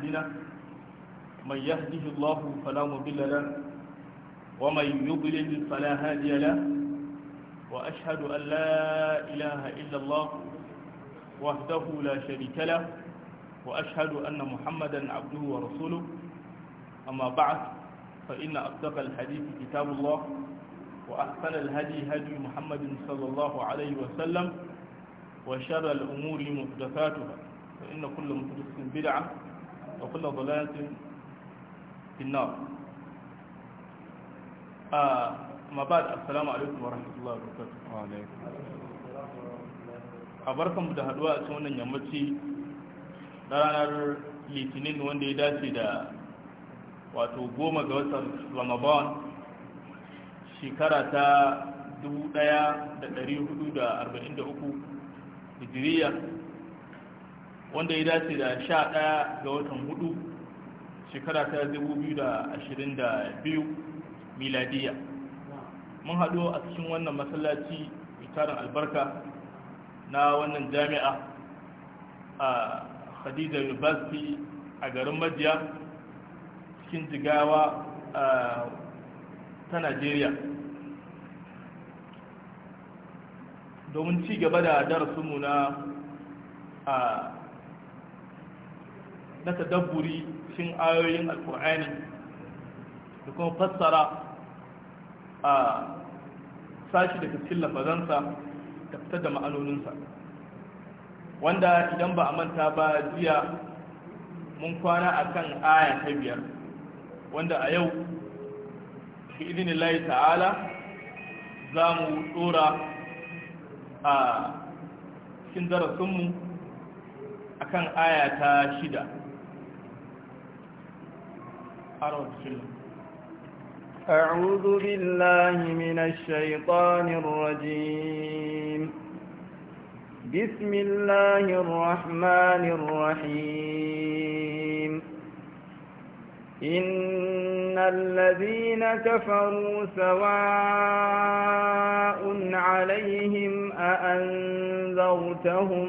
أهلنا من يهده الله فلا مضل له ومن يضلل فلا هادي له وأشهد أن لا إله إلا الله وحده لا شريك له وأشهد أن محمدا عبده ورسوله أما بعد فإن أصدق الحديث كتاب الله وأحسن الهدي هدي محمد صلى الله عليه وسلم وشر الأمور محدثاتها فإن كل محدث بدعة وكل ضلالة في النار ما بعد السلام عليكم ورحمة الله وبركاته أبركم أبركم بتهدواء سونا يمتي ranar litinin wanda ya dace da wato goma ga watan ramadan shekara ta 1443 hijiriya wanda ya dace da sha ɗaya ga watan hudu shekara ta dubu biyu da da biyu miladiya mun haɗu a cikin wannan masallaci tarin albarka na wannan jami'a a khadija university a garin majiya cikin jigawa ta nigeria domin ci gaba da darasinmu na na tadabburi cikin ayoyin alkur'ani da kuma fassara a sashi daga cikin lafazansa da fitar da ma'anoninsa wanda idan ba a manta ba jiya mun kwana a kan aya ta biyar wanda a yau fi izinin layi ta'ala za mu tsora a cikin darasinmu a kan aya ta shida أعوذ بالله من الشيطان الرجيم بسم الله الرحمن الرحيم إن الذين كفروا سواء عليهم أأنذرتهم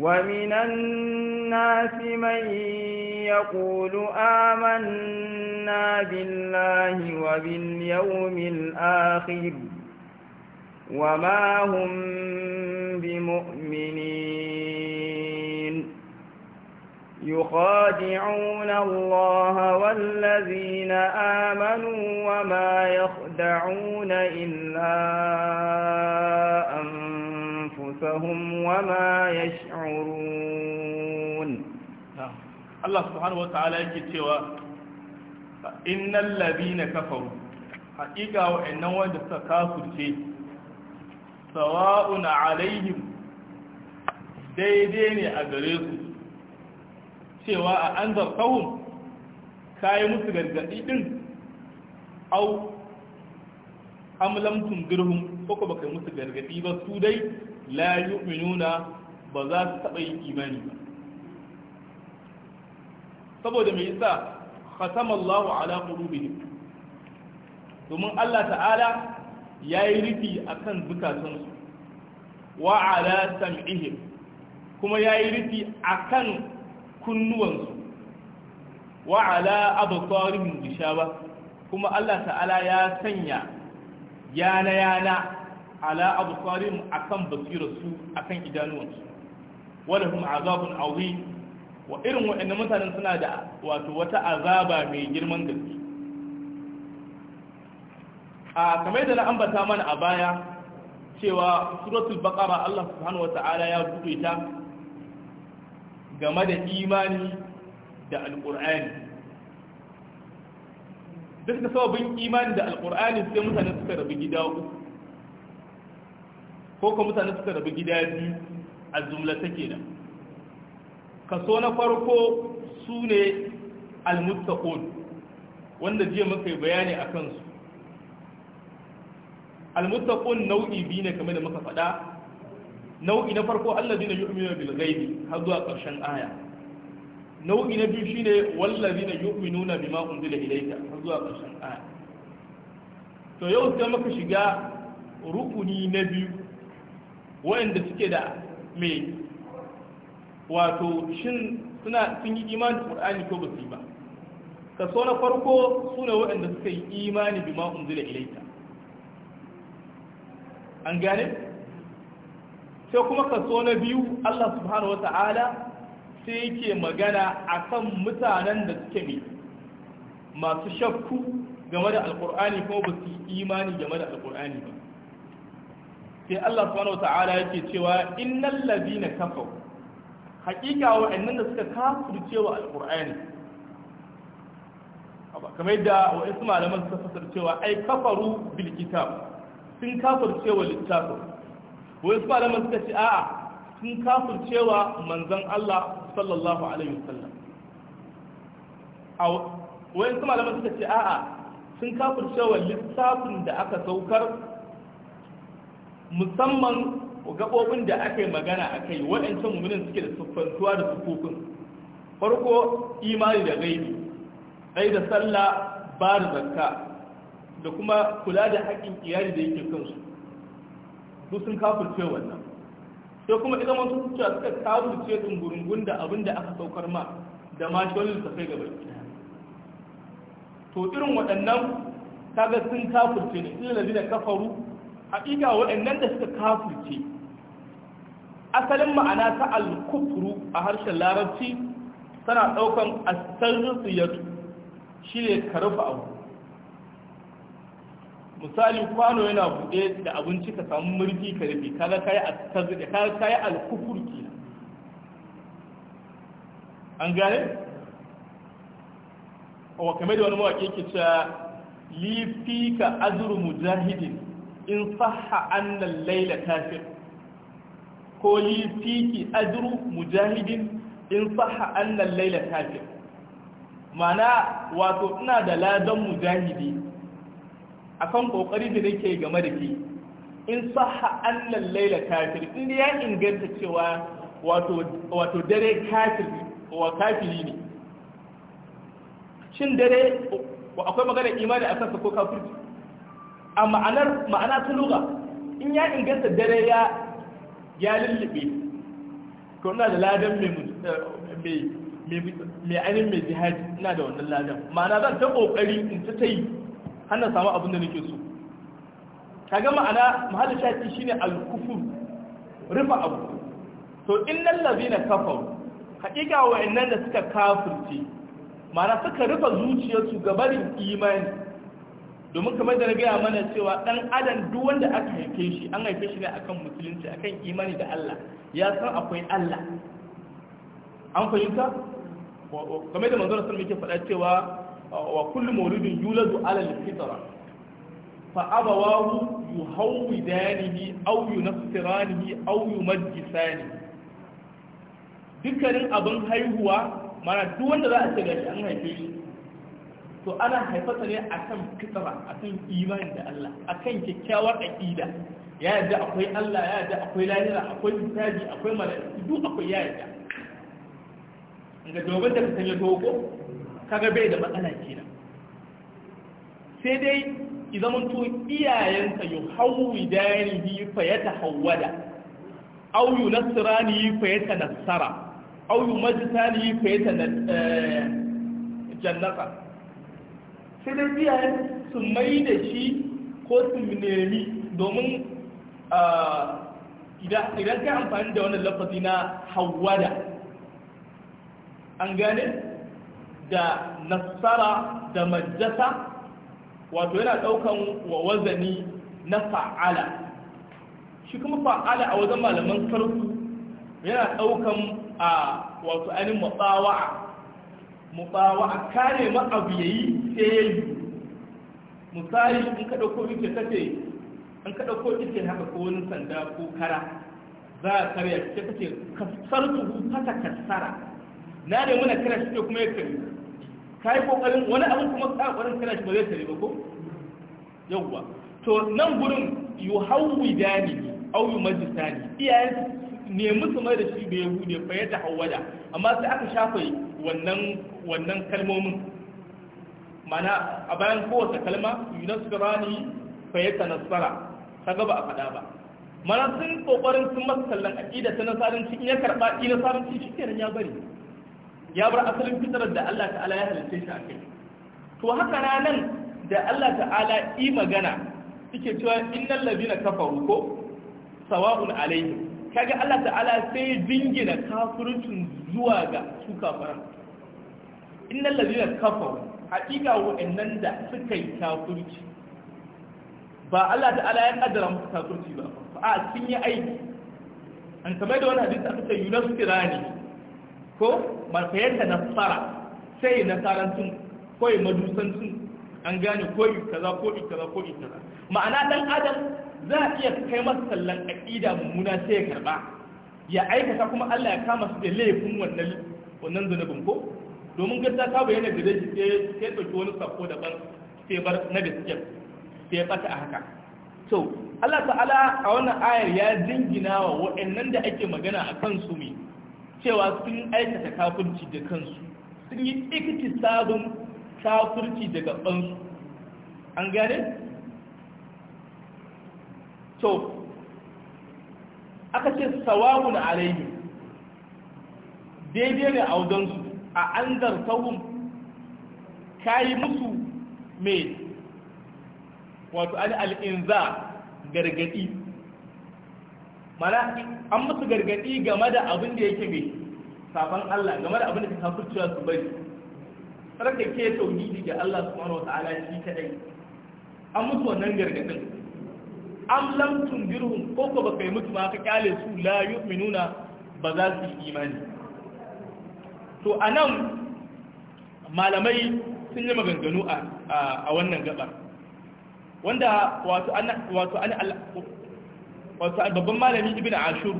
ومن الناس من يقول آمنا بالله وباليوم الآخر وما هم بمؤمنين يخادعون الله والذين آمنوا وما يخدعون إلا فهم وما يشعرون الله سبحانه وتعالى يكتوى إن الذين كفروا حقيقة وإن وجد تكافر شيء سواء عليهم daidai ne a gare su cewa a an zartahun kayi musu gargaɗi ɗin au amlamtun girhun ko ba kai musu gargaɗi ba su dai la yu'minuna ba za su taɓa yin imani ba saboda mai yasa khatamallahu ala qulubihim domin Allah ta'ala yayi rufi akan zukatansu wa ala sam'ihim kuma yayi rufi akan kunnuwansu wa ala absarihim ba, kuma Allah ta'ala ya sanya yana yana ala Abu absarihim akan basirarsu akan idanuwansu walahum azabun azim wa irin waɗannan mutanen suna da wato wata azaba mai girman gaske a kamar da na ambata mana a baya cewa suratul baqara Allah subhanahu wata'ala ya buɗe ta game da imani da alƙur'ani duk da sababin imani da alkur'ani sai mutane suka rabu gida uku ko ka mutane suka rabu gida biyu a jumla take nan kaso na farko su ne almuttaqun wanda jiya muka yi bayani a kansu almuttaqun nau'i biyu ne kamar da muka faɗa nau'i na farko allazina yu'minuna bil ghaibi har zuwa ƙarshen aya nau'i na biyu shine wallazina yu'minuna bima unzila ilayka har zuwa ƙarshen aya to yau sai muka shiga rukuni na biyu wayanda suke da mai wato shin suna sun yi imani da qur'ani ko ba su yi ba kaso na farko su ne waɗanda suka yi imani bi ma unzila ilayka an gane sai kuma kaso na biyu Allah subhanahu wa ta'ala sai yake magana akan mutanen da suke mai masu shakku game da alqur'ani ko ba su yi imani game da alqur'ani ba sai Allah subhanahu wata'ala yake cewa innal ladina kafaru haƙiƙa wa'annan da suka kafirce wa alqur'ani kamar yadda wa'ansu malaman suka fasar cewa ai kafaru bil kitab sun kafirce wa littafin wa'ansu malaman suka ce a'a sun kafirce wa manzon Allah sallallahu alaihi wasallam wa'ansu malaman suka ce a'a sun kafirce wa littafin da aka saukar musamman gaɓoɓin da aka yi magana a kai waɗancan muminin suke da siffantuwa da sufufin farko imani da gaibi ɗai da sallah ba da zakka da kuma kula da haƙƙin iyali da yake kansu duk sun kafurce wannan sai kuma ita masu suka suka kafurce tsungurungun da abin da aka saukar ma da ma shi wani safai gaba to irin waɗannan kaga sun kafurce ne illa da kafaru haƙiƙa waɗannan da suka kafurce asalin ma'ana ta alkufru a harshen larabci tana ɗaukan astarrufiyatu shi ne karfa abu misali kwano yana buɗe da abinci ka samu murfi ka rufe kaga kayi astarrufi kaga kayi an gane wa kamar da wani mawaƙi ke cewa lifika azuru mujahidin in sahha annan laila kafir ko li fiki ajru mujahidin in sahha annan laila kafir mana wato ina da ladan mujahidi akan kokari da nake game da ke in sahha annan laila kafir in ya inganta cewa wato wato dare kafir wa kafiri ne shin dare akwai magana imani a kansa ko kafirci a ma'anar ma'ana ta lura in ya inganta dare ya ya lullube to ina da ladan mai eh, mai ainihin mai jihar ina da wannan ladan ma'ana zan ta kokari in ta ta yi hannun samu abin da nake so kaga ma'ana mahalar shafi shine al-kufur rufa abu to in innal na kafar hakika wa'annan da suka kafirce ma'ana suka rufa zuciyarsu gabarin imani domin kamar da na gaya mana cewa dan adam duk wanda aka haife shi an haife shi ne akan musulunci akan imani da Allah ya san akwai Allah an fahimta kamar da manzon sun yake faɗa cewa wa kullu mawludin yuladu ala al-fitra fa abawahu yuhawidanihi aw yunassiranihi aw dukkanin abin haihuwa mana duk wanda za a ce gashi an haife shi to ana haifata ne akan fitra akan imani da Allah akan kyakkyawar aqida ya yadda akwai Allah ya yadda akwai lahira akwai hisabi akwai mala'iku duk akwai ya yadda ga dogon da kasan ya dogo kaga bai da matsala kenan sai dai idan to iyayensa yu hawwi danihi fa yatahawwada aw yunasrani fa yatanassara aw yumajtani fa yatanajjannata eh, sai dai iyayen su mai da shi ko su nemi domin idan ka amfani da wannan lafazi na hawada an gane da nasara da majasa wato yana daukan wa wazani na fa'ala shi kuma fa'ala a wajen malaman karfi yana daukan a wato ainihin mutsawa'a a kare ma yayi ke ya yi misali in ka ɗauko ita kace an ka ɗauko ita haka ko wani sanda ko kara za a karya ta kace kasar tuhu fata kasara na ne muna kira shi kuma ya kare ka yi kokarin wani abin kuma ka kokarin kira shi ba zai kare ba ko yawwa to nan gurin yu hawwi dani au yu majisani iyayen ne musu mai da shi bai hude fa ya tahawwada amma sai aka shafe wannan wannan kalmomin mana a bayan kowace kalma yunusirani fa nasara, ta kaga ba a faɗa ba mana sun kokarin sun masu kallon aqida ta nasaranci cikin ya karba ki nasaranci shi kenan ya bari ya bar asalin fitarar da Allah ta'ala ya halitta shi kai. to haka nan da Allah ta'ala yi magana suke cewa innal ladina kafaru ko sawa'un alaihim kaga Allah ta'ala sai dingina kafircin zuwa ga su kafaran innal ladina kafaru haƙiƙa wa'annan da suka yi kafurci ba Allah ta'ala ya kaddara musu kafurci ba a sun yi aiki an kamar da wani hadisi aka ce yunus tirani ko na fara, sai nasarancin ko yi madusantun an gane ko yi kaza ko yi kaza ko yi kaza ma'ana dan adam za a iya kai masa sallan aƙida mummuna sai ya karɓa ya aikata kuma Allah ya kama su da laifin wannan wannan zunubin ko domin gaskiya ta bayyana gare shi sai sai ɗauki wani sako daban sai bar na gaskiya sai ya ɓata a haka to Allah ta'ala a wannan ayar ya dingina wa wa'annan da ake magana a kansu ne cewa sun aikata kafirci da kansu sun yi ikiti sabon kafirci daga gabansu an gane? to aka ce sawabun alaihi daidai ne a wajensu a an zartahun kayi musu mai wato an al'inza gargadi mana an musu gargadi game da abin da yake mai safan Allah game da abin da ka kafurciya su bari sarka ke tauhidi da Allah su subhanahu wata'ala shi kadai an musu wannan gargadin an lam girhun ko ba kai mutu ma ka kyale su la nuna ba za su yi imani to a nan malamai sun yi maganganu a wannan gabar wanda wato an babban malami ibn ashur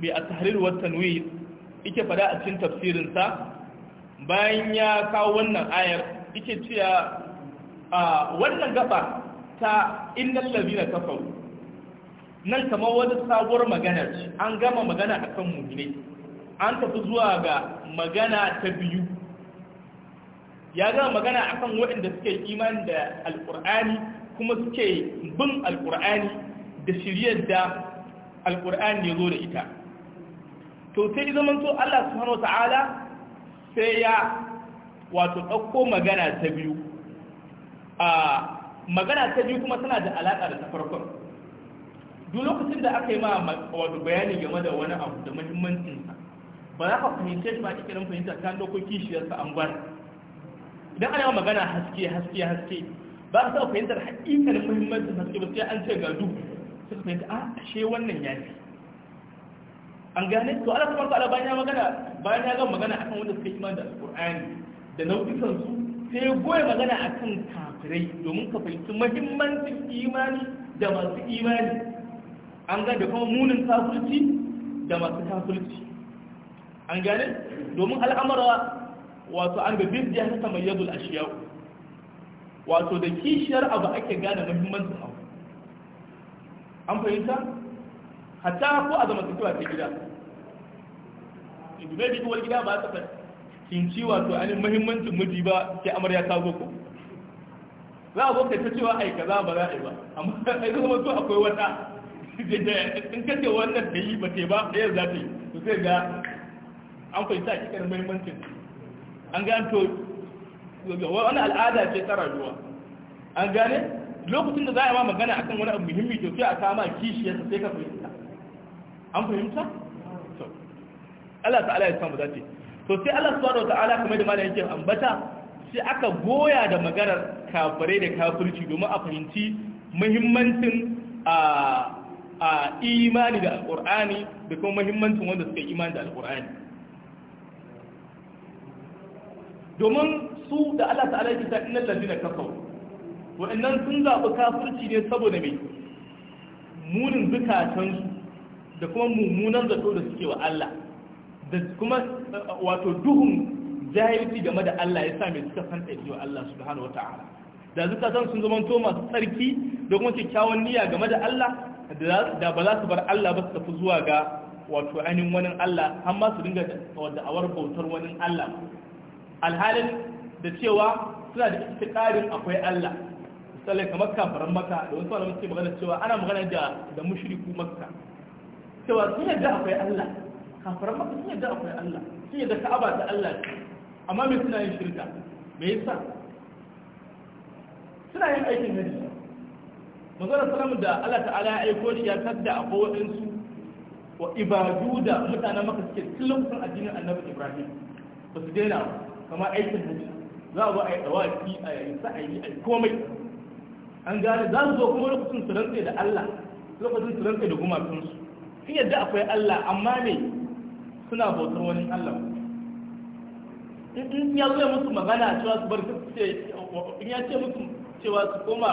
bai a tahrir wa tanwir yake fada a cikin tafsirinsa bayan ya kawo wannan ayar yake cewa wannan gaba ta innal ladina kafaru nan kamar wani sabuwar magana ce an gama magana akan mu'minai an tafi zuwa ga magana ta biyu ya gama magana akan waɗanda suke imani da alƙur'ani kuma suke bin alƙur'ani da shiryar da alƙur'ani ya zo da ita to sai zaman to Allah subhanahu wata'ala sai ya wato ɗauko magana ta biyu a magana ta biyu kuma tana da alaƙa da tafarkon duk lokacin da aka yi ma wato bayani game da wani abu da muhimmancinsa ba za ka fahimce shi ba ake kiran fahimta ta dokoki shi yasa an bar idan ana magana haske haske haske ba sa fahimtar haƙiƙar muhimmancin haske ba sai an ce ga Suka sai ka fahimta a ah, ashe wannan ya fi an gane to ala kuma ala bayan ya magana bayan ya gama magana akan wanda suka imani da alqur'ani da nau'ikan su sai ya goya magana akan kafirai domin ka fahimci muhimmancin imani da masu imani an ga da kuma munin kafirci da masu kafirci an gane domin al'amara wato an gabi da ya mai yadul ashiya wato da kishiyar abu ake gane muhimmancin abu an fahimta hatta ko a zama tafiya ta gida idume bi wani gida ba ta fa kinci wato an muhimmancin miji ba sai amarya ta zo ko za a zo kai ta cewa ai kaza ba za a yi ba amma ai zama to akwai wata in kace wannan da yi ba ce ba ɗaya za ta yi to sai ga an fahimta a cikin muhimmancin an gane to wani al'ada ce ta rayuwa an gane lokacin da za a ma magana akan wani abu muhimmi to sai a kama ta sai ka fahimta an fahimta to Allah ta'ala ya samu dace to sai Allah subhanahu wata'ala kuma da malam yake ambata sai aka goya da maganar kafare da kafirci domin a fahimci muhimmancin a imani da alqur'ani da kuma muhimmancin wanda suka imani da alqur'ani domin su da Allah ta'ala yake ta innal ladina kafaru wa'annan sun zaɓi kafirci ne saboda mai munin zukatan da kuma mummunan zato da suke wa Allah da kuma eh, wato duhun jahilci game da Allah ya sa me suka san tsaye wa Allah subhanahu wa ta'ala da zukatan sun zama to masu tsarki da kuma kyakkyawan niyya game da Allah da ba za su bar Allah ba su tafi zuwa ga wato ainihin wani Allah amma su dinga awar bautar wani Allah alhalin da cewa suna da istiqarin akwai Allah misalai kamar kafaran maka da wasu wani suke magana cewa ana magana da da mushriku makka cewa sun yadda akwai Allah kafaran maka sun yadda akwai Allah sun yadda ka'aba ta Allah ce amma me suna yin shirka me yasa suna yin aikin hajji manzara salamu da Allah ta'ala ya aiko shi ya tadda akwai waɗansu wa ibadu da mutanen maka suke tilon addinin annabi Ibrahim ba su daina ba kama aikin hajji za a zo a yi tsawaki a yayin sa'ayi a komai an gane za su zo kuma lokacin su rantse da Allah lokacin su rantse da gumakansu sun yadda akwai Allah amma ne suna bautar wani Allah in ya zo musu magana cewa su bar ce in ya ce musu cewa su koma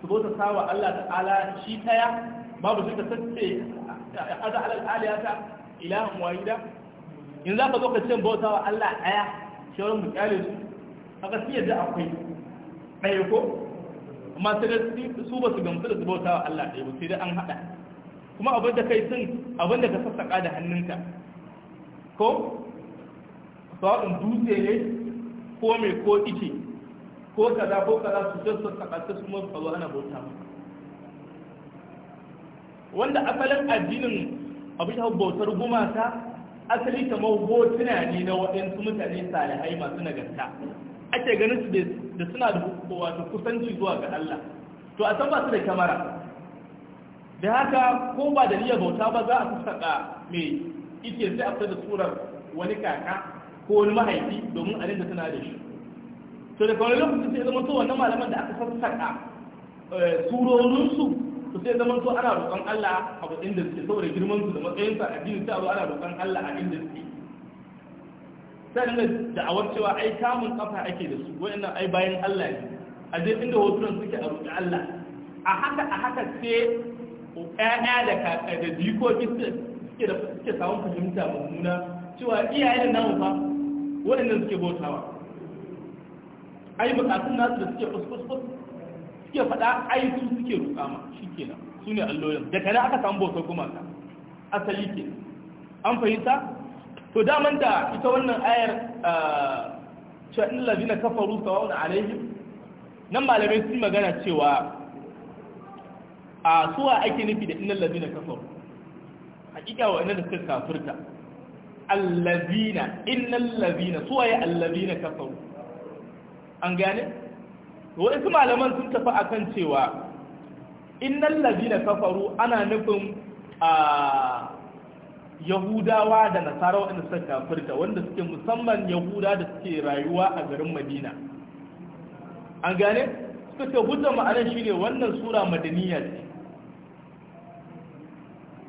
su bauta sawa Allah ala shi taya babu shi ka sace aza alal aliyata ilahun wahida in za ka zo ka ce bauta wa Allah daya sauran mu kyale su a gaskiya da akwai ɗaya ko amma sai dai su ba su gamsu da su bauta wa Allah ɗaya ba sai dai an haɗa kuma abin da kai sun abin da ka sassaƙa da hannunka ko sawa'in dutse ne ko mai ko ike ko kaza ko kaza su sai sassaƙa sai su mafi kazo ana bauta wanda asalin addinin abin bautar gumata asali kamar hotuna ne na waɗansu mutane salihai masu nagarta ake ganin su da suna da kusan kusanci zuwa ga Allah to a san ba su da kamara da haka ko ba da niyya bauta ba za a sassaƙa mai ike sai a da surar wani kaka ko wani mahaifi domin a dinga suna da shi to da kawai lokacin sai zama to wannan malaman da aka sassaka eh, surorinsu to sai zaman to ana roƙon Allah a matsayin da suke saboda girman su da matsayin sa addini sai ana roƙon Allah a inda suke sai da da'awar cewa ai kamun kafa ake da su wayannan ai bayan Allah ne a je inda hotunan suke a roƙi Allah a haka a haka sai ƴaƴa da kaka da jikoki suke da suke samun fahimta mummuna cewa iyayen namu fa wayannan suke bautawa ai bukatun nasu da suke fuskus suke faɗa aiki suke roƙa ma nan su ne allolin da kare aka samu bautar ka, asali ke an fahimta to daman da ita wannan ayar ah, cewa kafa rusa wa wani alaihi nan malamai sun magana cewa a ah, suwa ake nufi da innal kafa kafaru hakika wa'annan da suka kafirta allazina innal ladina suwaye allazina kafaru an gane wasu malaman sun tafi akan cewa innal ladina kafaru ana nufin a yahudawa da nasara inda suka kafirta wanda suke musamman yahuda da suke rayuwa a garin madina an gane suka ce hujjar ma'anar shine wannan sura madaniya ce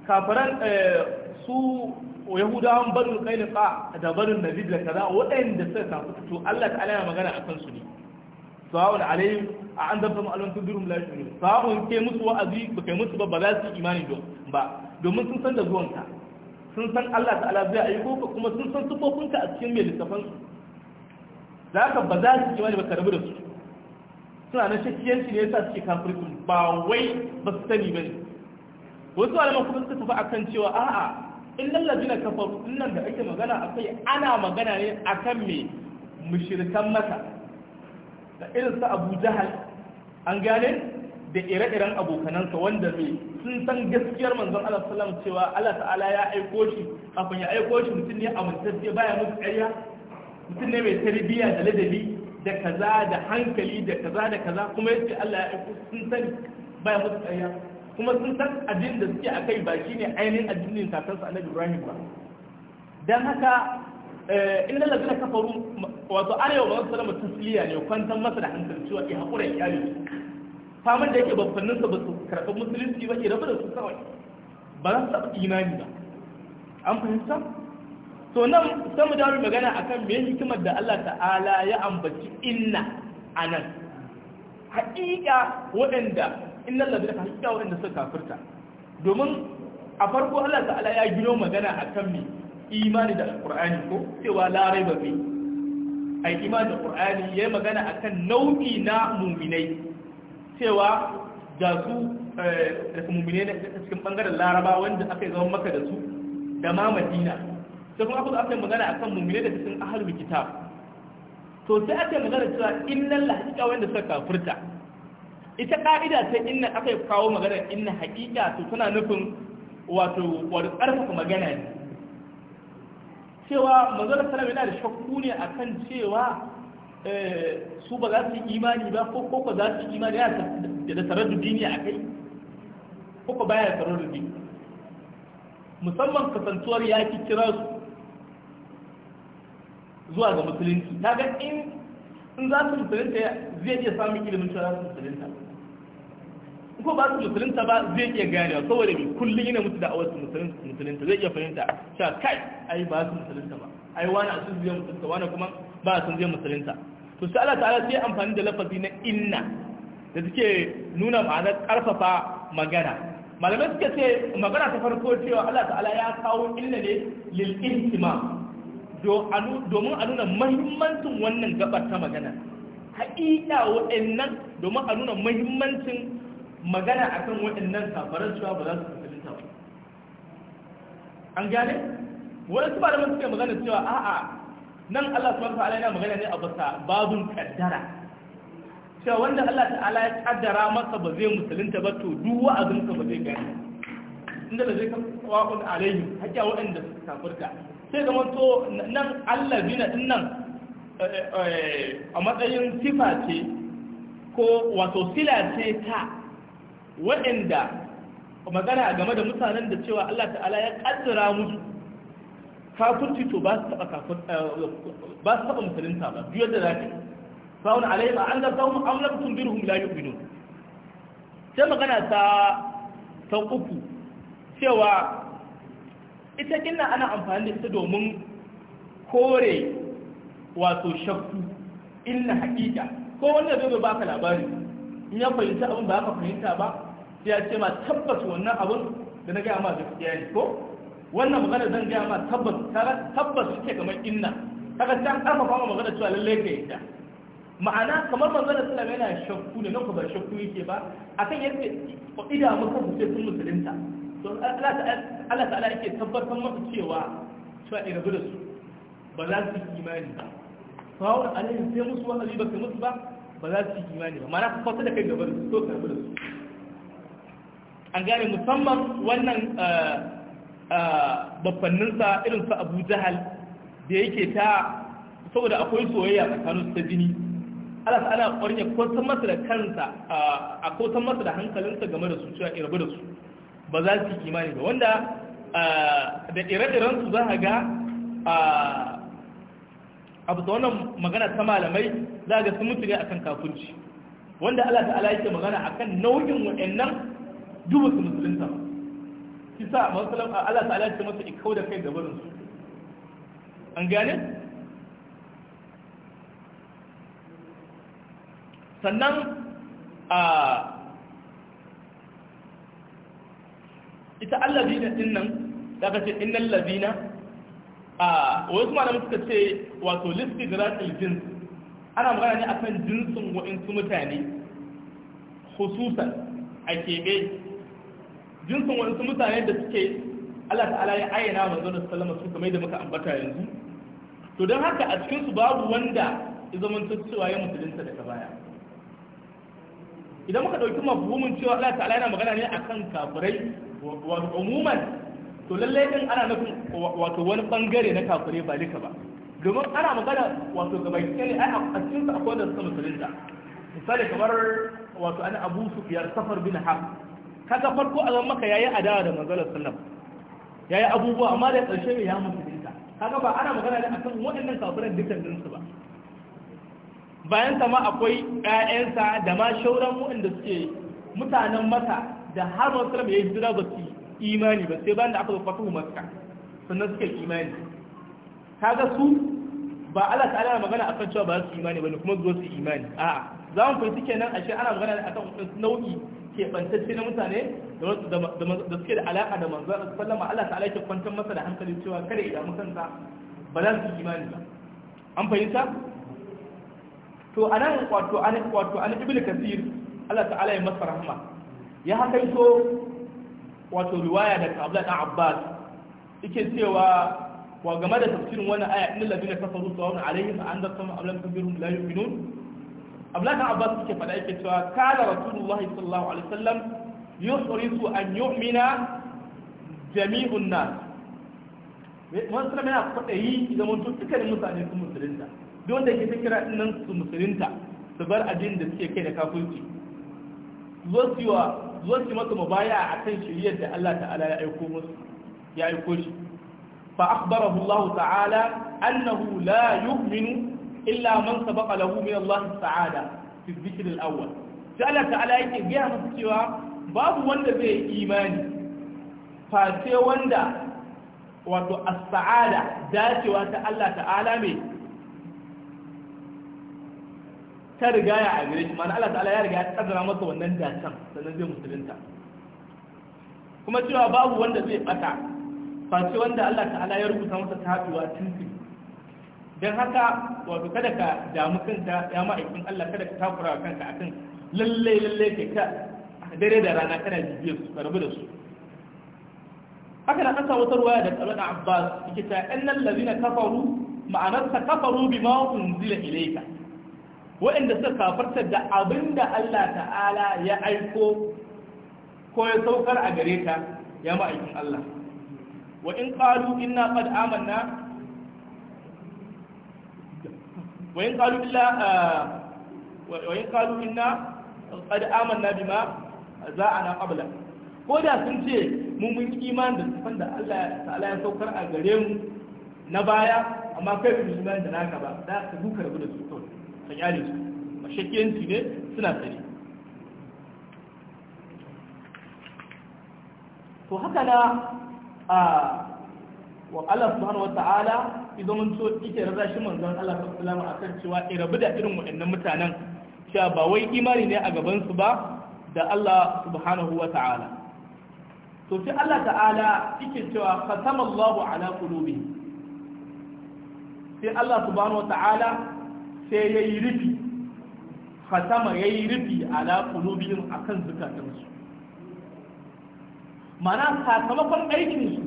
kafiran eh, su yahudawan barin kainaka da barin nazir da kaza waɗanda suka kafirta to Allah ta'ala magana akan su ne sawa'un alayhi a an zarta ma'alon tudurum la yu'minu sawa'un ke musu wa'azi ba kai musu ba ba za su imani ba domin sun san da zuwanka sun san Allah ta'ala zai aiko ka kuma sun san sufofinka a cikin mai littafan su za ka ba za su imani ba ka rabu da su suna na shakiyanci ne yasa suke kafirkin ba wai ba su sani ba ne wasu alaman kuma suka tafi akan cewa a'a in illal ladina kafaru nan da ake magana akai ana magana ne akan me mushirkan maka da irin su abu jahal an gane da ire-iren abokanansa wanda mai sun san gaskiyar manzon Allah sallam cewa Allah ta'ala ya aiko shi kafin ya aiko shi mutum ne a mutacce baya musu ƙarya mutum ne mai tarbiyya da ladabi da kaza da hankali da kaza da kaza kuma yace Allah ya aiko sun san baya musu ƙarya kuma sun san addinin da suke akai ba shine ainihin addinin kakansa Annabi Ibrahim ba dan haka Eh, inna lazina kafaru wato arewa ba wasu salama tasliya ne kwantar masa da hankali cewa ya haƙura ya kyale faman da yake babbanninsa ba su karɓar musulunci ba ke rabu da su kawai ba za su imani ba an fahimta to nan sai mu dawo magana akan me hikimar da Allah ta'ala ya ambaci inna anan haƙiƙa waɗanda inna lazina haƙiƙa waɗanda suka kafirta domin a farko Allah ta'ala ya gino magana akan me imani da alkur'ani ko cewa la raiba fi ai imani da alkur'ani yayi magana akan nau'i na mu'minai cewa da su eh, da mu'minai da cikin bangaren laraba wanda aka yi zaman maka da su da ma madina sai kuma aka yi magana akan mu'minai da cikin ahlul kitab to sai aka magana cewa innal lahika wanda suka kafirta ita ka'ida ta inna aka kawo magana inna haqiqa to tana nufin wato wato karfafa magana ne cewa manzon sallallahu yana da shakku ne akan cewa eh, su ba za su yi imani ba ko ko za su yi imani yana da da taraddudi ne akai ko ko baya da taraddudi musamman kasantuwar ya ki kira su zuwa ga musulunci kaga in in za su musulunta zai iya samun ilimin cewa za su musulunta ko ba su musulunta ba zai iya gane saboda mai kullum yana mutu da awar su musulunta zai iya fahimta sha kai ai ba su musulunta ba ai wani a sun zai musulunta wani kuma ba sun zai musulunta to sai Allah ta'ala sai amfani da lafazi na inna da suke nuna ma'anar karfafa magana malamai suke ce magana ta farko cewa Allah ta'ala ya kawo inna ne lil intima domin a nuna mahimmancin wannan gabar ta magana haƙiƙa wa'annan domin a nuna mahimmancin magana akan waɗannan safarar cewa ba za su musulunta ba an gane wani su malaman suke magana cewa a'a nan Allah su mafi yana magana ne a basa babun kaddara cewa wanda Allah ta'ala ya kaddara masa ba zai musulunta ba to duk a ka ba zai gane inda da zai ka wa'un alayhi hakka waɗanda su kafirta sai zama to nan Allah bina din nan eh, eh, eh, a matsayin sifa ce ko wato sila ce ta waɗanda magana game da mutanen da cewa Allah ta'ala ya kaddara musu kafurci to eh, ba su taɓa musulunta ba biyu da zafi sa'un alayhi ba an da sa'un amlabtun birhum la yu'minun sai magana ta ta uku cewa ita ina ana amfani da ita domin kore wato shakku inna haƙiƙa ko wanda zai ba ka labari in ya fahimta abin ba ka fahimta ba sai ya ce ma tabbas wannan abun da na gaya ma gaskiya ne ko wannan magana zan gaya ma tabbas tabbas suke kamar inna kaga can karfafa fama magana cewa lallai ka yadda ma'ana kamar manzon sallam yana shakku ne nan ku ba shakku yake ba akan yadda ida muka fice sun musulunta to Allah ta'ala yake tabbatar maka cewa cewa ina gudu su ba za su yi imani ba wa alaihim sai musu wani ba kai musu ba ba za su yi imani ba ma'ana ka fata da kai gaban da su to karbi da su an gane musamman wannan eh, eh, babbanninsa irin su abu jahal da yake ta saboda akwai soyayya tsakanin ta jini Allah ta'ala ƙwarya kwatan masa da kansa a kwatan masa da hankalinsa game da su cewa irabu da su ba za su yi imani ba wanda eh, da ire-iren su za a ga abu da wannan magana ta malamai za a ga sun mutu ne kan kafunci wanda Allah ala yake magana a kan nau'in wa'annan Duba su musulunta ba shi sa masalam a Allah ta'ala ya masa ikau da kai da barin su an gane sannan a ita allazina din nan da ka ce innal ladina a wasu malamu suka ce wato listigratil jins ana magana ne a kan jinsin wa'insu mutane khususan a keɓe jinsin wasu mutane da suke Allah ta'ala ya ayyana manzo da sallama su kamar da muka ambata yanzu to don haka a cikin su babu wanda ya zamanta cewa ya musulunta daga baya idan muka dauki mafhumin cewa Allah ta'ala yana magana ne akan kafirai wato umuman to lallai din ana nufin wato wani bangare na kafirai ba lika ba domin ana magana wato gaba ne a cikin su akwai da su musulunta misali kamar wato ana abu sufiyar safar bin haq kaga farko a zan maka yayi adawa da manzalar sallam yayi abubuwa amma da ƙarshe mai ya musulunta kaga ba ana magana da akan waɗannan kafiran dukkan dinsu ba bayan sama akwai ƴaƴansa da ma shauran waɗanda suke mutanen mata da har manzalar sallam ya yi hijira ba su imani ba sai bayan da aka fatu makka sannan suke imani kaga su ba Allah ta'ala magana akan cewa ba su imani bane kuma zuwa su imani a'a za mu fahimci kenan ashe ana magana akan nau'i keɓantacce na mutane da suke da alaƙa da manzo Allah sallama Allah ta'ala yake kwantar masa da hankali cewa kada ya damu kansa ba za su yi imani ba an fahimta to anan wato an wato an ibn kasir Allah ta'ala ya masa rahma ya haka yaso wato riwaya da Abdullah dan Abbas yake cewa wa game da tafsirin wannan aya innal ladina kafaru sawun alaihim an dakkam am lam tubirhum la yu'minun abdullahi abbas suke faɗa yake cewa kana rasulullahi sallallahu alaihi wasallam yuhrisu an yu'mina jami'un nas wani sunan yana kwaɗayi zaman to dukkanin mutane su musulunta don da ke ta kira nan su musulunta su bar addinin da suke kai da kafirci zo su wa zo su masa mubaya akan shiriyar da Allah ta'ala ya aiko musu ya aiko shi fa akhbarahu Allah ta'ala annahu la yu'minu illa man sabaqa lahu min Allah sa'ada fi dhikr al-awwal ta'ala yake gaya masa cewa babu wanda zai imani face wanda wato as dacewa ta Allah ta'ala mai ta riga ya a gare Allah ta'ala ya riga ya kaddara masa wannan dacen sannan zai musulunta kuma cewa babu wanda zai wanda Allah ta'ala ya rubuta masa tafiwa don haka wato kada ka damu kanka ya ma'aikin Allah kada ka takura wa kanka akan lallai-lallai lalle ke ka dare da rana kana bibiyar su ka da su haka na kasa wata ruwaya da tsaron da Abbas yake ta annal ladina kafaru ma'anarsa kafaru bima unzila ilayka waɗanda suka kafarta da abin da Allah ta'ala ya aiko ko ya saukar a gare ka ya ma'aikin Allah wa in qalu inna qad amanna wa in qalu illa wa in qalu inna qad amanna bima za'ana qabla ko da sun ce mun mun imani da sifan da Allah ta'ala ya saukar a gare mu na baya amma kai ku imani da naka ba da ka duka rabu da su kawai ka yare su mashakkiyanci ne suna sani to haka na a wa Allah subhanahu wata'ala idan mun so ike raza shi manzon Allah sallallahu alaihi wasallam akan cewa irabu da irin waɗannan mutanen cewa ba wai imani ne a gaban su ba da Allah subhanahu wata'ala to sai Allah ta'ala yake cewa khatama Allahu ala qulubi sai Allah subhanahu wata'ala sai yayi rufi khatama yayi rufi ala qulubihim akan zukatansu mana sakamakon aikin su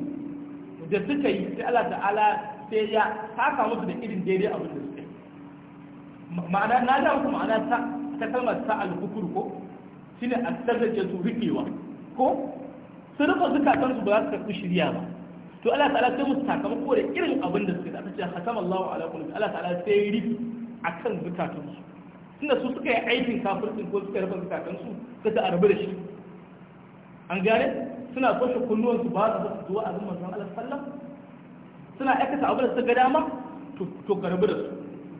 da suka yi sai Allah ta'ala sai ya saka musu da irin daidai abin da suka yi ma'ana na da kuma ana ta ta kalmar ta al-hukur ko shine astazaje su rikewa ko su rufe zukatan su ba za su karɓi shirya ba to Allah ta'ala sai musu sakamako da irin abin da suka yi ta ce hakama Allah ala kullu Allah ta'ala sai ya rufe akan zukatan su tunda su suka yi aikin kafircin ko suka rufe zukatan su suka a rabu da shi an gane suna toshe kunnuwan su ba su ba su zuwa azin manzon Allah sallam suna aikata abin da suka ga dama to garbi da su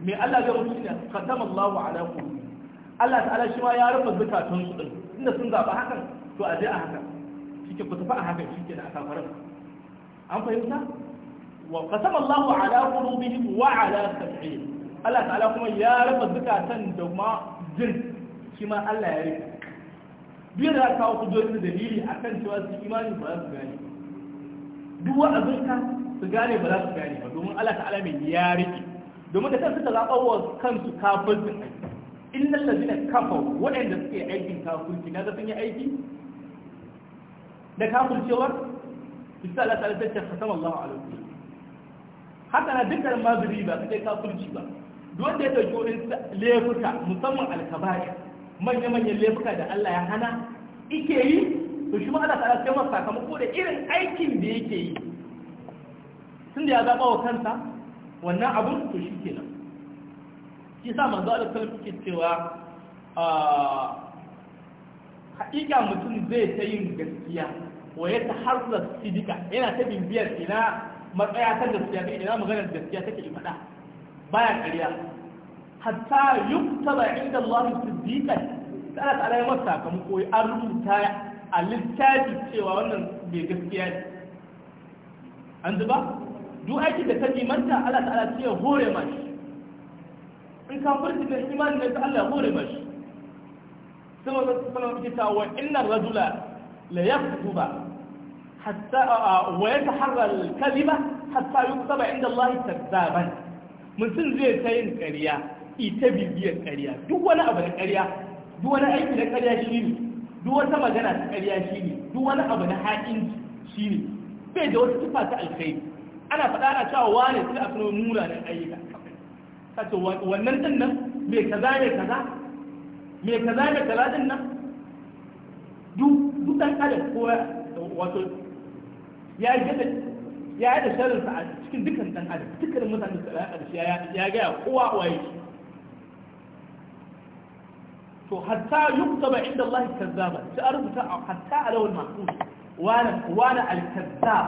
me Allah ya rubuta ne khatamallahu ala qulubi Allah ta'ala shi ma ya rufe zakatun su din inda sun zaba hakan to a je a hakan shike ku tafi a hakan shike da aka fara an fahimta wa khatamallahu ala qulubihim wa ala sam'ihim Allah ta'ala kuma ya rufe zakatan da ma jin shi ma Allah ya rufe duk da kawo su da dalili a kan cewa su imani ba za su gane duk wa'azin ka su gane ba za su gane ba domin Allah ta'ala mai ya rike domin da kansu ta zaɓa wa kansu su aiki innal ladina kafaru waɗanda suke aikin kafirci na zafin yi aiki da su sa ala ta'ala ta allah a alaihi haka na dukkan mazuri ba su sai kafirci ba duk wanda ya ɗauki wani laifuka musamman alkabari manya-manyan laifuka da Allah ya hana ike yi to shi ma ta sai sakamako da irin aikin da yake yi tunda ya zaba wa kansa wannan abun to shi nan shi sa manzo Allah sallallahu suke cewa ah, haƙiƙa mutum zai ta yin gaskiya wa ya taharra sidika yana ta bimbiyar ina matsaya ta gaskiya ne ina maganar gaskiya take yi faɗa baya ƙarya hatta yuktaba inda Allah siddiqan Allah ta'ala ya masa sakamako ya rubuta a littafi cewa wannan bai gaskiya ne an zuba duk aiki da ka imanta Allah ta'ala sai ya hore ma shi in ka furta da imani ne Allah ya hore ma shi sama da sama da ta wa inna rajula la ba hatta wa yataharra al-kalima hatta yuktaba inda Allah kazzaban mutum zai ta yin ƙarya ita bibiyar ƙarya duk wani abu da ƙarya duk wani aiki na ƙarya shi ne duk wata magana ta ƙarya shi ne duk wani abu na haƙin shi ne bai da wata tufa ta alkhairi ana faɗa ana cewa wane sai a kuma da ayyuka kace wannan din nan me kaza me kaza me kaza me kaza din nan duk duk dan adam ko wato ya yi da ya yi da sharrinsa a cikin dukkan dan adam dukkan mutane da ya ya ga kowa waye to hatta yuktaba inda Allah kazzaba sai a rubuta hatta alawal mahfuz wala wala al-kazzab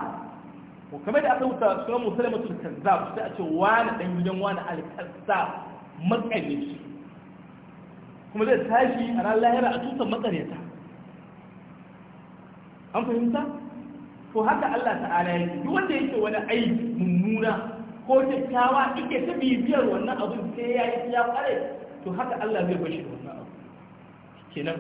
ko kamar da aka rubuta sunan musulmatul kazzab sai a ce wala dan gidan wala al-kazzab matsalici kuma zai tashi a ran lahira a tutar matsaryata an fahimta to haka Allah ta'ala ya yi wanda yake wani aiki mummuna ko kyakkyawa yake ta bibiyar wannan abin sai ya yi ya kware to haka Allah zai bashi da kenan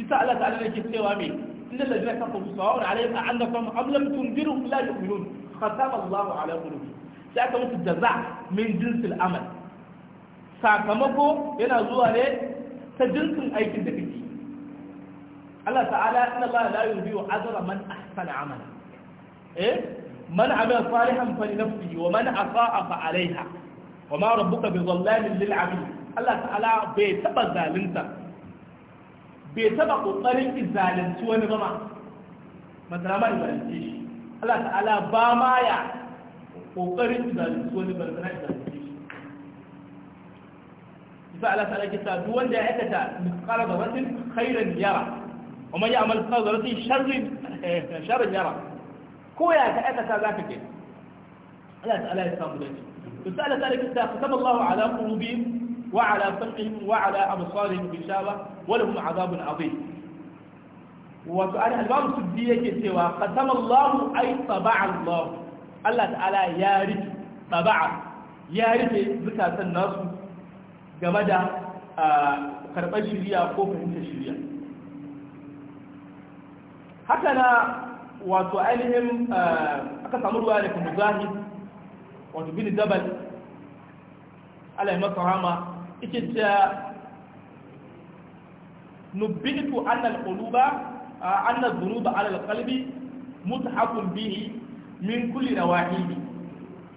kisa Allah ta'ala yake cewa me innal ladina kafaru sawa'un alayhim a'annakum am lam tunzirhum la yu'minun khatama Allahu ala qulubihim sai aka musu jaza min jinsil amal sakamako yana zuwa ne ta jinsin aikin da kake Allah ta'ala inna Allah la yudhi'u ajra man ahsana amala eh man amila salihan fa li nafsihi wa man asaa fa alaiha wa ma rabbuka bi dhallamin lil 'abid Allah ta'ala bai taba zalunta bai taba kokarin izalanci wani ba ma masana ma izalanci shi Allah ta'ala ba ma ya kokarin wani ba shi isa Allah ta'ala kisa duk wanda ya aikata misqala dharratin khairan yara wa man ya'mal sharrin eh, yara ko ya ka aikata zaka ga Allah ta'ala ya samu dace to Allah ta'ala kisa Allah وعلى سمعهم وعلى أبصارهم غشاوة ولهم عذاب عظيم وسؤال الباب السدية سوى ختم الله أي طبع الله الله تعالى يا ريت طبع يا ريت زكاة الناس جمدا karɓar shirya ko fahimtar shirya haka na wato ainihin aka samu ruwa daga muzahid wato bin jabal alayhi masa rama ikita nubbitu annal quluba annal dhunuba ala alqalbi mutahakun bihi min kulli rawahidi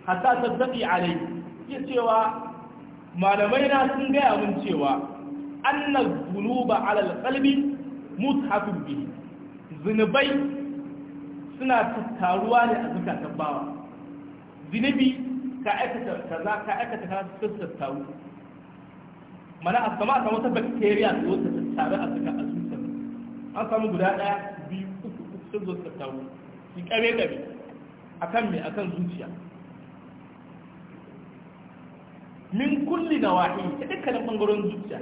hatta tattaqi alai ya cewa malamai na sun gaya mun cewa annal dhunuba ala alqalbi mutahakun bihi zunubai suna tattaruwa ne a zukatan bawa zunubi ka aikata kaza ka aikata kaza sun tattaru mana a sama a samu wata bacteria su zo ta tattaru a suka a zuciya an samu guda ɗaya biyu uku uku sun zo su tattaru su ƙare ƙare a kan me a kan zuciya min kulli na wahi ta dukkanin ɓangaren zuciya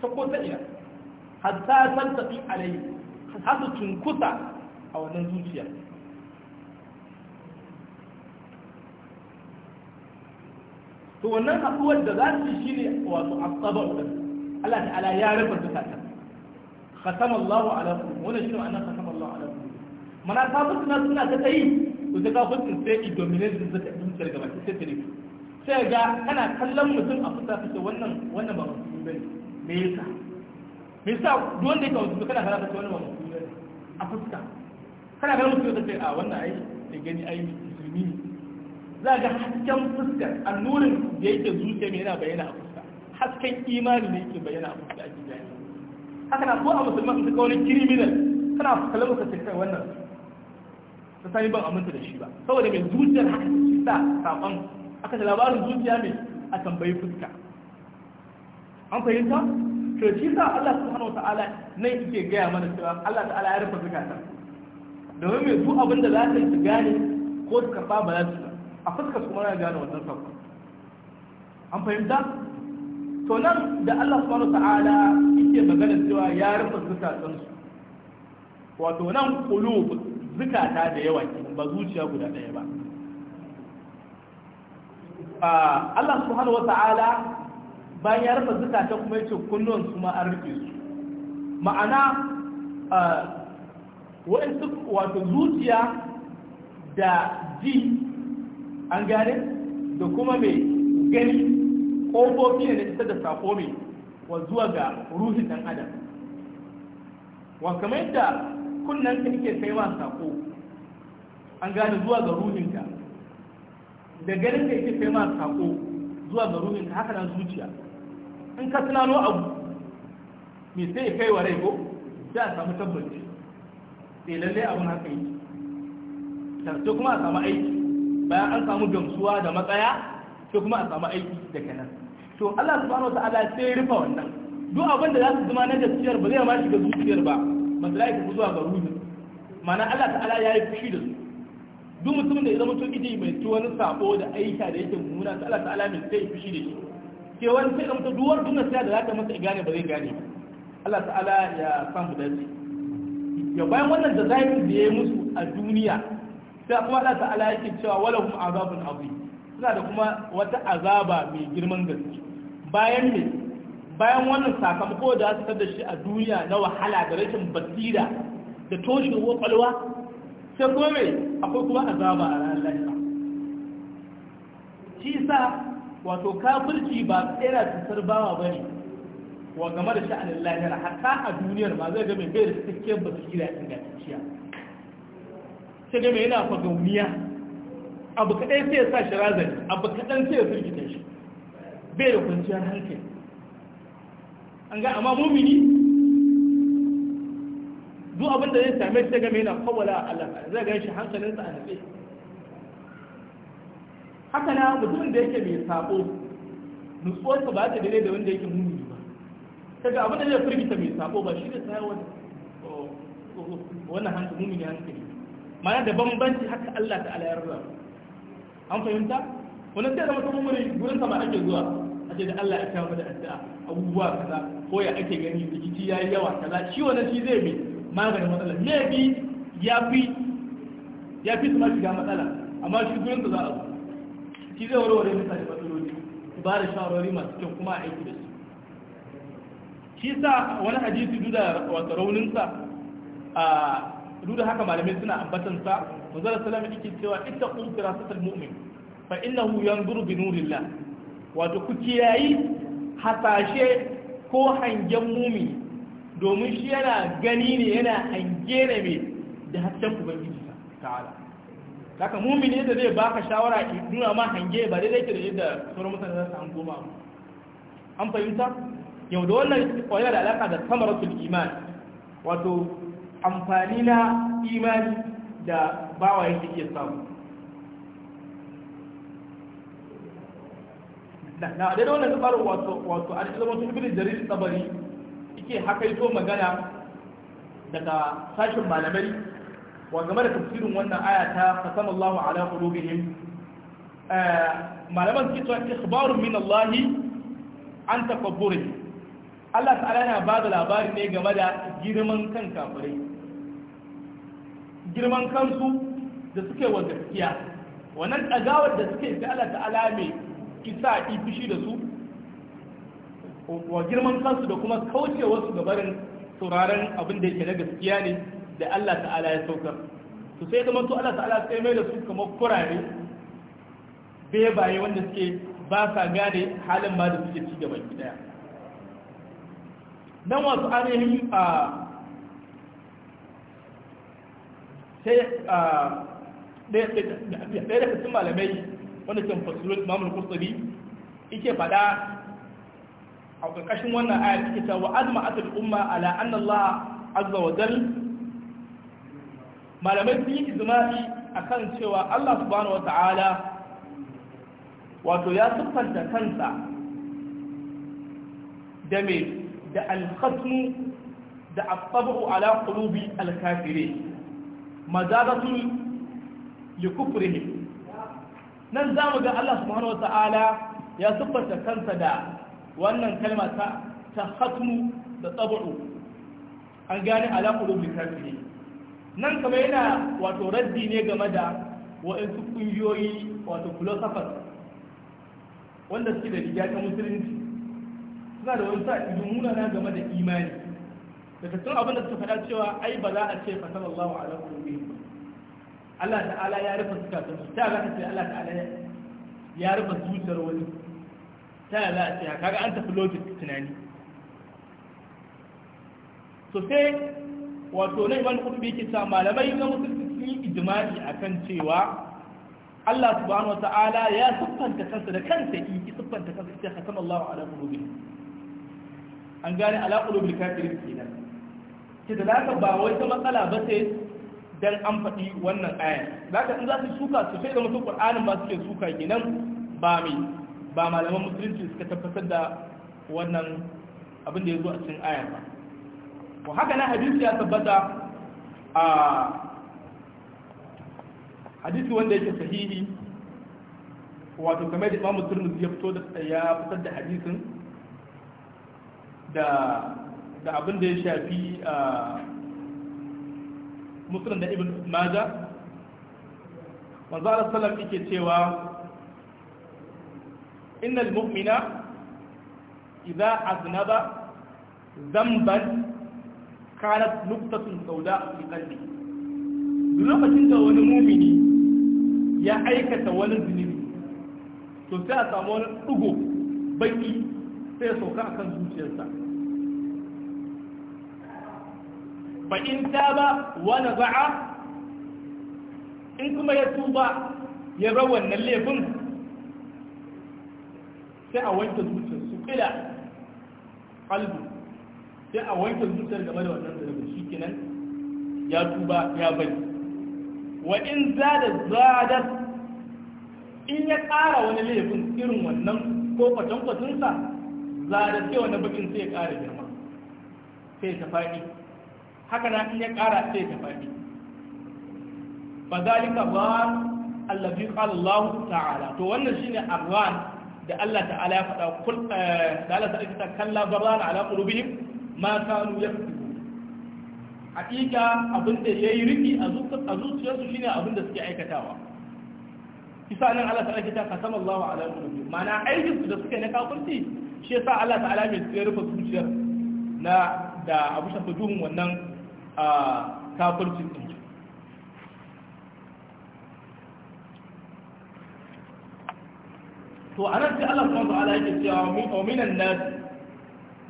ta ko ta ina hatta san tafi alai har su cunkusa a wannan zuciya to wannan haɗuwar da za su shi shine wato asaba'u din Allah ta'ala ya rufe zakatan khatama Allahu ala qulub wannan shine annan khatama Allahu ala qulub mana kafin suna suna ta tsayi to sai kafin su da ta zaka dinka daga baki sai tare sai ga kana kallon mutum a fuska kace wannan wannan ba mutum bane me yasa me yasa duwan da yake mutum kana kana kace wannan ba mutum bane a fuska kana kallon mutum kace a ah, wannan ai da gani ai musulmi za ga hasken fuskar annurin da yake zuciya mai yana bayyana a fuska hasken imani da yake bayyana a fuska ake gani haka na ko a musulman su wani kiriminal kana fuskalar musa ta kai wannan ta sani ban aminta da shi ba saboda mai zuciyar haka shi sa saban aka da labarin zuciya mai a tambayi fuska an fahimta to shi sa Allah subhanahu wataala nan yake gaya mana cewa Allah ta'ala ya rufe zakata domin mai zu abin da za ta yi su gane ko su karɓa ba za su a fuskar kuma ya gane wannan sauka an fahimta to nan da Allah subhanahu ta'ala yake magana cewa ya rufe zukatan su wato nan qulub zukata da yawa ba zuciya guda ɗaya ba Allah subhanahu ta'ala bayan ya rufe zukata kuma yace kullun su ma an rufe su ma'ana wa'in wato zuciya da ji an gane da kuma mai gani ƙofofi ne na isar da saƙo mai wa zuwa ga ruhin ɗan adam wa kamar yadda kunnan ka ke kai wa saƙo an gane zuwa ga ruhinka da ganin ka yake kai ma saƙo zuwa ga ruhinka haka nan zuciya in ka tunano abu me sai kai wa rai ko sai a samu tabbaci sai eh, lalle abin haka yi sai kuma a samu aiki bayan an samu gamsuwa da matsaya sai kuma a samu aiki da kenan. to Allah subhanahu wataala sai rufa wannan duk abin da za su zama na gaskiyar ba zai ma shiga zuciyar ba masala ya zuwa ga ruhi Mana Allah ta'ala ya yi fushi da su duk mutum da ya zama to idi mai to wani sabo da aika da yake mummuna ta Allah ta'ala mai sai fushi da shi ke wani sai da mutum duwar duk sai da za ta masa gane ba zai gane ba Allah ta'ala ya da dace ya bayan wannan da zai yi musu a duniya sai kuma Allah ta'ala yake cewa walahum azabun azim suna da kuma wata azaba mai girman gaske bayan ne bayan wannan sakamako da aka da shi a duniya na wahala da rashin basira da toshin kwakwalwa sai kuma mai akwai kuma azaba a ranar lafiya shi sa wato kafirci ba tsera cutar bawa ba ne wa game da sha'anin lahira hatta a duniyar ma zai ga mai bayar cikakken basira ingantacciya sai dai mai yana fagauniya abu kaɗai sai ya sa shi razani abu kaɗan sai ya firgita shi bai da kwanciyar hankali an ga amma mumini duk abin da zai same shi daga mai yana kawala a Allah zai gan shi hankalinsa a nabe haka na mutumin da yake mai sabo nutsuwarsa ba ta daidai da wanda yake mumini ba kaga abin da zai firgita mai sabo ba shi da sayawar oh, oh, oh, wannan hankali mumini hankali mana da bambanci haka Allah ta ala yarda an fahimta wannan sai da mutum mun gurin sama ake zuwa aje da Allah ya kawo da addu'a abubuwa kaza ko ya ake gani rikici yayi yawa kaza shi wannan shi zai bi maganin matsala me bi ya fi ya fi su ma shiga matsala amma shi gurin za a zo shi zai warware mutane matsaloli ba da shawarwari masu kyau kuma a aiki da shi shi sa wani hadisi duda da wata rauninsa a duk da haka malamai suna ambatan sa manzon sallallahu alaihi wasallam cewa ittaqu firasatal mu'min fa innahu yanzuru bi nurillah wato ku kiyayi hasashe ko hangen mumi domin shi yana gani ne yana hange ne mai da hasken ubangiji ta'ala haka mumini da zai baka shawara ki nuna ma hange ba dai ke da yadda sauran mutane za su hango ma an fahimta yau da wannan kwayar da alaka da samaratul iman wato amfani na imani da bawa yake iya samu na da wannan tsabar wato wato an zama tun bin jarir tsabari yake hakaito magana daga sashen malamai wa game da tafsirin wannan aya ta fasama Allahu ala qulubihim eh, malaman suke cewa ikhbarun min Allah an tafabburi Allah ta'ala yana ba da labari ne game da girman kan kafirai girman kansu da suke wa gaskiya wannan ɗagawar da suke ga Allah ta'ala mai isa ifishi da su wa girman kansu da kuma kauce wasu gabarin sauraron abin da yake na gaskiya ne da Allah ta'ala ya sauka. su sai zama su Allah ta'ala sai mai da su kamar kurare bebaye wanda suke ba sa gane halin ma da suke ci gaba gida nan wasu ainihin a ah, sai ɗaya daga cikin malamai wanda ke fasulun imamul kurtubi yake faɗa a ƙarƙashin wannan ayar take ta wa azma asal umma ala anna Allah azza wa jal malamai sun yi a akan cewa Allah subhanahu wa ta'ala wato ya siffanta kansa da me da alkhatmu da asabu ala qulubi alkafirin majabatun likufrihi nan za mu ga Allah subhanahu wa ta'ala ya siffanta kansa da wannan kalma ta tahatmu da tsabu an gane alaƙulun littafi nan kama yana wato raddi ne game da waɗansu ƙungiyoyi wato philosophers wanda suke da riga ta musulunci suna da wani sa'idu munana game da imani daga cikin abin da suka faɗa cewa ai ba za a ce fa sallallahu ala qulubihim Allah ta'ala ya rufe zukatan su ta ga ta ce Allah ta'ala ya rufe zuciyar wani ta ya za a ce kaga an tafi logic tunani to sai wato nan wani kutubi ke sa malamai na musulunci sun yi ijimai akan cewa Allah subhanahu wa ta'ala ya siffanta kansa da kansa yi ki siffanta kansa ita khatam Allah ala qulubi an gane ala qulubi kafirin kenan ke da naka ba wai ta matsala ba ce dan an faɗi wannan aya zaka in za su suka su sai da mutum qur'anin ba suke suka kenan ba mai ba malaman musulunci suka tabbatar da wannan abin da ya zo a cikin aya ba ko haka na hadisi ya tabbata a hadisi wanda yake sahihi wato kamar da imamu turmuzi ya fito da ya fitar da hadisin da da abin da ya shafi a musulun da ibn maja manzara salam yake cewa innal mu'mina idza aznaba zamban kanat nuktatun sauda fi qalbi duk lokacin da wani mumini ya aikata wani zunubi to sai a samu wani dugo baki sai ya sauka akan zuciyarsa fa in taba wa naza'a in kuma ya tuba ya bar wannan laifin sai a wanke zuciyar su kila qalbi sai a wanke zuciyar game da wannan zalunci shikenan ya tuba ya bari wa in zada zadat in ya ƙara wani laifin irin wannan ko kwatankwatunsa zadat sai wani bakin sai ya ƙara girma sai ta faɗi haka na in ya ƙara sai ta faɗi fa zalika ran allazi qala Allah ta'ala to wannan shine arwan da Allah ta'ala ya faɗa kul eh, da Allah ta'ala ta kalla barran ala qulubihim ma kanu yaktubu hakika abin da yayi riki a zuciyarsu shine abin da suke aikatawa kisa nan Allah ta'ala ta kasama Allah ala qulubihim ma'ana aikin su da suke na kafirci shi yasa Allah ta'ala mai tsere rufe zuciyar na da abu shafa duhun wannan a kafircin ɗin to a nan sai Allah subhanahu wataala yake cewa wa minan manyan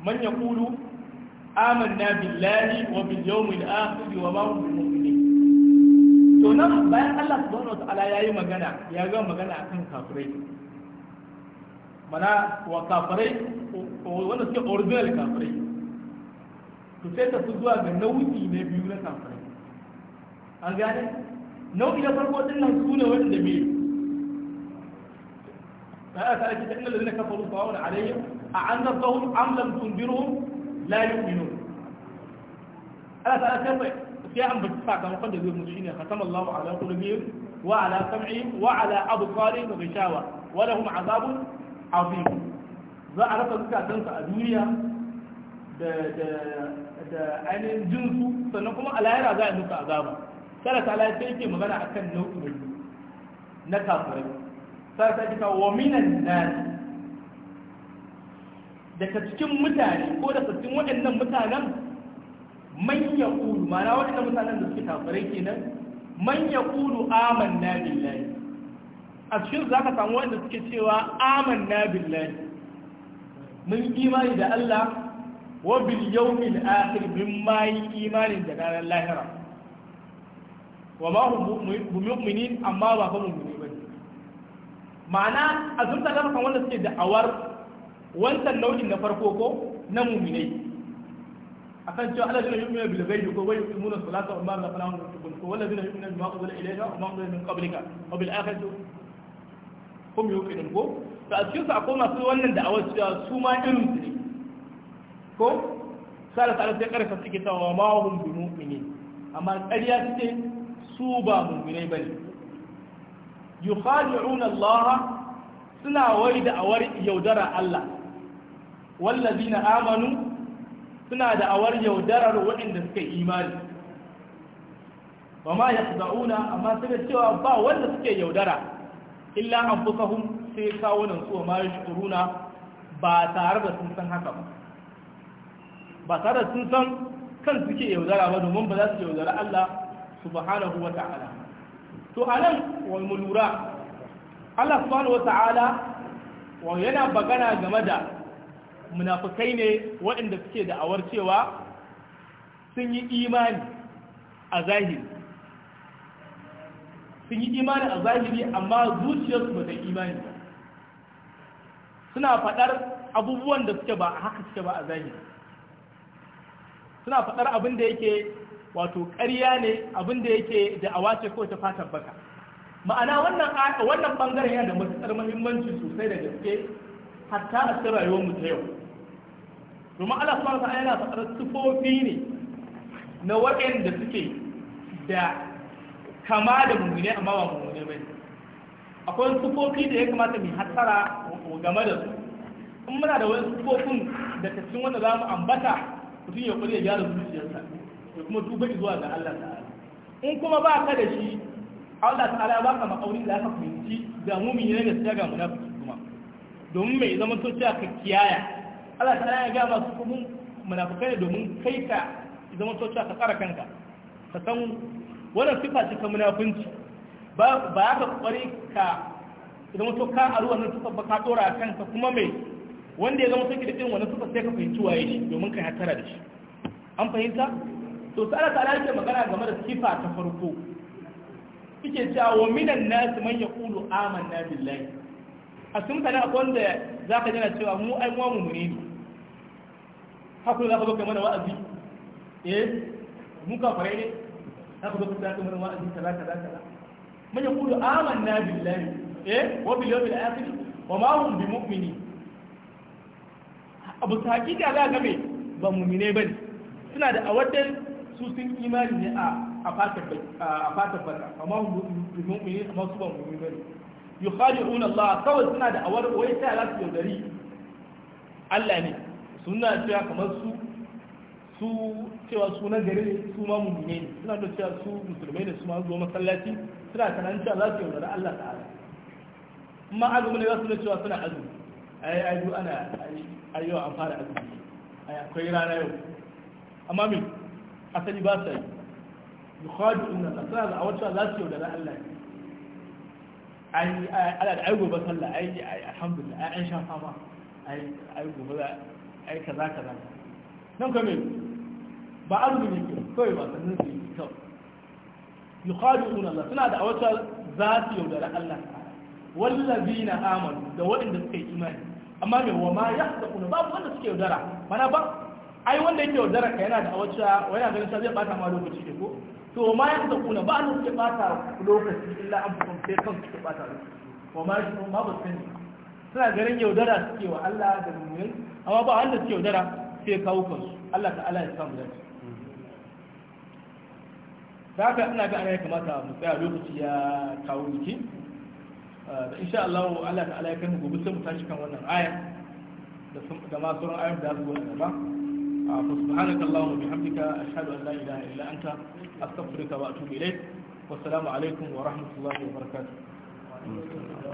man yaqulu na billahi wa bil yawmil akhir wa ma hum mu'minin to nan bayan Allah subhanahu ya yayi magana ya ga magana akan kafirai mana wa kafirai wanda suke original kafirai to sai tafi zuwa ga nau'i na biyu na kamfani an gane nau'i na farko din nan su ne wanda me ba a sa ake tattalin da kafa rufa wani alayya a an zarta hun an lamtun biro la yi minu ala ta ake bai sai an baki sakamakon da zai mutu shine khatam Allahu ala qulubihim wa ala sam'ihim wa ala bai shawa wa kuma azabun azim za a rasa zukatansu a duniya da ainihin jinsu sannan kuma alayara za a nuka azaba kada ta alayar sai yake magana a kan nau'i na kafirai sai ta kika wa minan nasi daga cikin mutane ko daga cikin waɗannan mutanen manyan ya ƙulu mana waɗannan mutanen da suke kafirai kenan man ya ƙulu na billahi a cikin za ka samu waɗanda suke cewa amanna billahi mun imani da Allah wa bil yawmil akhir mimma yi imanin da ranar lahira wa ma hum mu'minin amma ba fa mu'mini ba ma'ana a sun kan wanda suke da awar nau'in na farko ko na mu'minai akan cewa Allah zai yu'minu bil ghaibi ko wai yu'minu salata wa ma'ana fala hum yushrikun ko wala zai yu'minu bima qadara ilayka wa ko to a cikin su akwai masu wannan da'awar cewa suma irin ko sai da sai karfa suke ta wa ma hum bi mu'minin amma ƙarya suke su ba mu'minai bane yukhadi'un Allah suna wai da awar yaudara Allah wallazina amanu suna da awar yaudarar waɗanda suka yi imani wa ma yaqda'una amma suka cewa ba wanda suke yaudara illa anfusahum sai kawo nan su ma yashkuruna ba tare da sun san haka ba ba tare sun san kan suke yaudara ba domin ba za su yaudara Allah subhanahu wa ta'ala to a nan wa mu lura Allah subhanahu wa ta'ala wa yana bagana game da munafukai ne waɗanda suke da'awar cewa sun yi imani a zahiri sun yi imani a zahiri amma zuciyarsu ba ta imani suna faɗar abubuwan da suke ba a haka suke ba a zahiri suna faɗar abin da yake wato ƙarya ne abin da yake da awace ko ta fatan baka ma'ana wannan wannan bangaren yana da matuƙar muhimmanci sosai da gaske hatta a cikin rayuwar mu ta yau domin Allah subhanahu wa ta'ala yana faɗar sifofi ne na waɗanda suke da kama da mummune amma ba mummune bane akwai sifofi da ya kamata mu hatsara game da su in muna da wani sifofin da cikin wanda za mu ambata mutum ya kuri ya gyara zuciyarsa ya kuma tuba zuwa ga Allah ta'ala in kuma ba ka da shi Allah ta'ala ya baka makauri da aka fahimci ga mumin yana gaskiya ga munafiki kuma domin mai zama to cewa ka kiyaya Allah ta'ala ya ga masu kuma munafikai domin kai ka zama to cewa ka tsara kanka ka san wannan sifa ce ta munafunci ba ba ka kware ka zama to ka a ruwan nan tuka ba ka dora kanka kuma mai wanda ya zama sauki da irin wannan suka sai ka fahimci waye shi domin kai hattara da shi an fahimta to sai Allah ta'ala yake magana game da sifa ta farko yake cewa wa minan nas man yaqulu amanna billahi a sun kana akwai wanda zaka jira cewa mu ai mu mu ne haka za ka zo kai mana wa'azi eh mu ka fare ne haka zo ka mana wa'azi kaza kaza kaza man yaqulu amanna billahi eh wa bil yawmil akhir wa ma hum bimu'minin abu ta hakika za ga me ba mumine ba ne suna da awadar su sun imani ne a fatar baka amma mumine amma su ba mumine ba ne yukhadi'un Allah kawai suna da awar wai sai za su yaudari Allah ne suna cewa kamar su su cewa su na gare su ma mumine ne suna da cewa su musulmai ne su ma zo masallaci suna kanan cewa za su yaudari Allah ta'ala amma azumi ne za su cewa suna azumi ai aju ana ai yau an fara azumi ai akwai rana yau amma me asali ba sa yi yukhadi'una Allah a wacce za su yaudara Allah ai ala da ai gobe sallah ai alhamdulillah ai an sha fama ai ai gobe ai kaza kaza nan kuma kame ba azumi ne kawai ba sanin su yi kawai yukhadi'una Allah suna da a za su yaudara Allah wallazina amanu da waɗanda suka yi imani amma mai wa ma ya da kuna babu wanda suke yaudara mana ba ai wanda yake yaudara ka yana da wacce yana ganin sa zai bata ma lokaci ne ko to ma ya da kuna ba ne suke bata lokaci illa an fukun sai kan suke bata lokaci wa ma shi ma ba sani suna ganin yaudara suke wa Allah da mummunin amma ba wanda suke yaudara sai kawo kansu Allah ta'ala ya samu dace da haka ina ga ana ya kamata mu tsaya lokaci ya kawo miki Eh, da insha Allah Allah ta'ala ya kai gobe sai mu tashi kan wannan aya da ma sauran ayoyin da zuwa gaba ah, fa subhanaka allahumma bihamdika ashhadu an la ilaha illa anta astaghfiruka wa atubu ilayk wa assalamu alaikum wa rahmatullahi wa barakatuh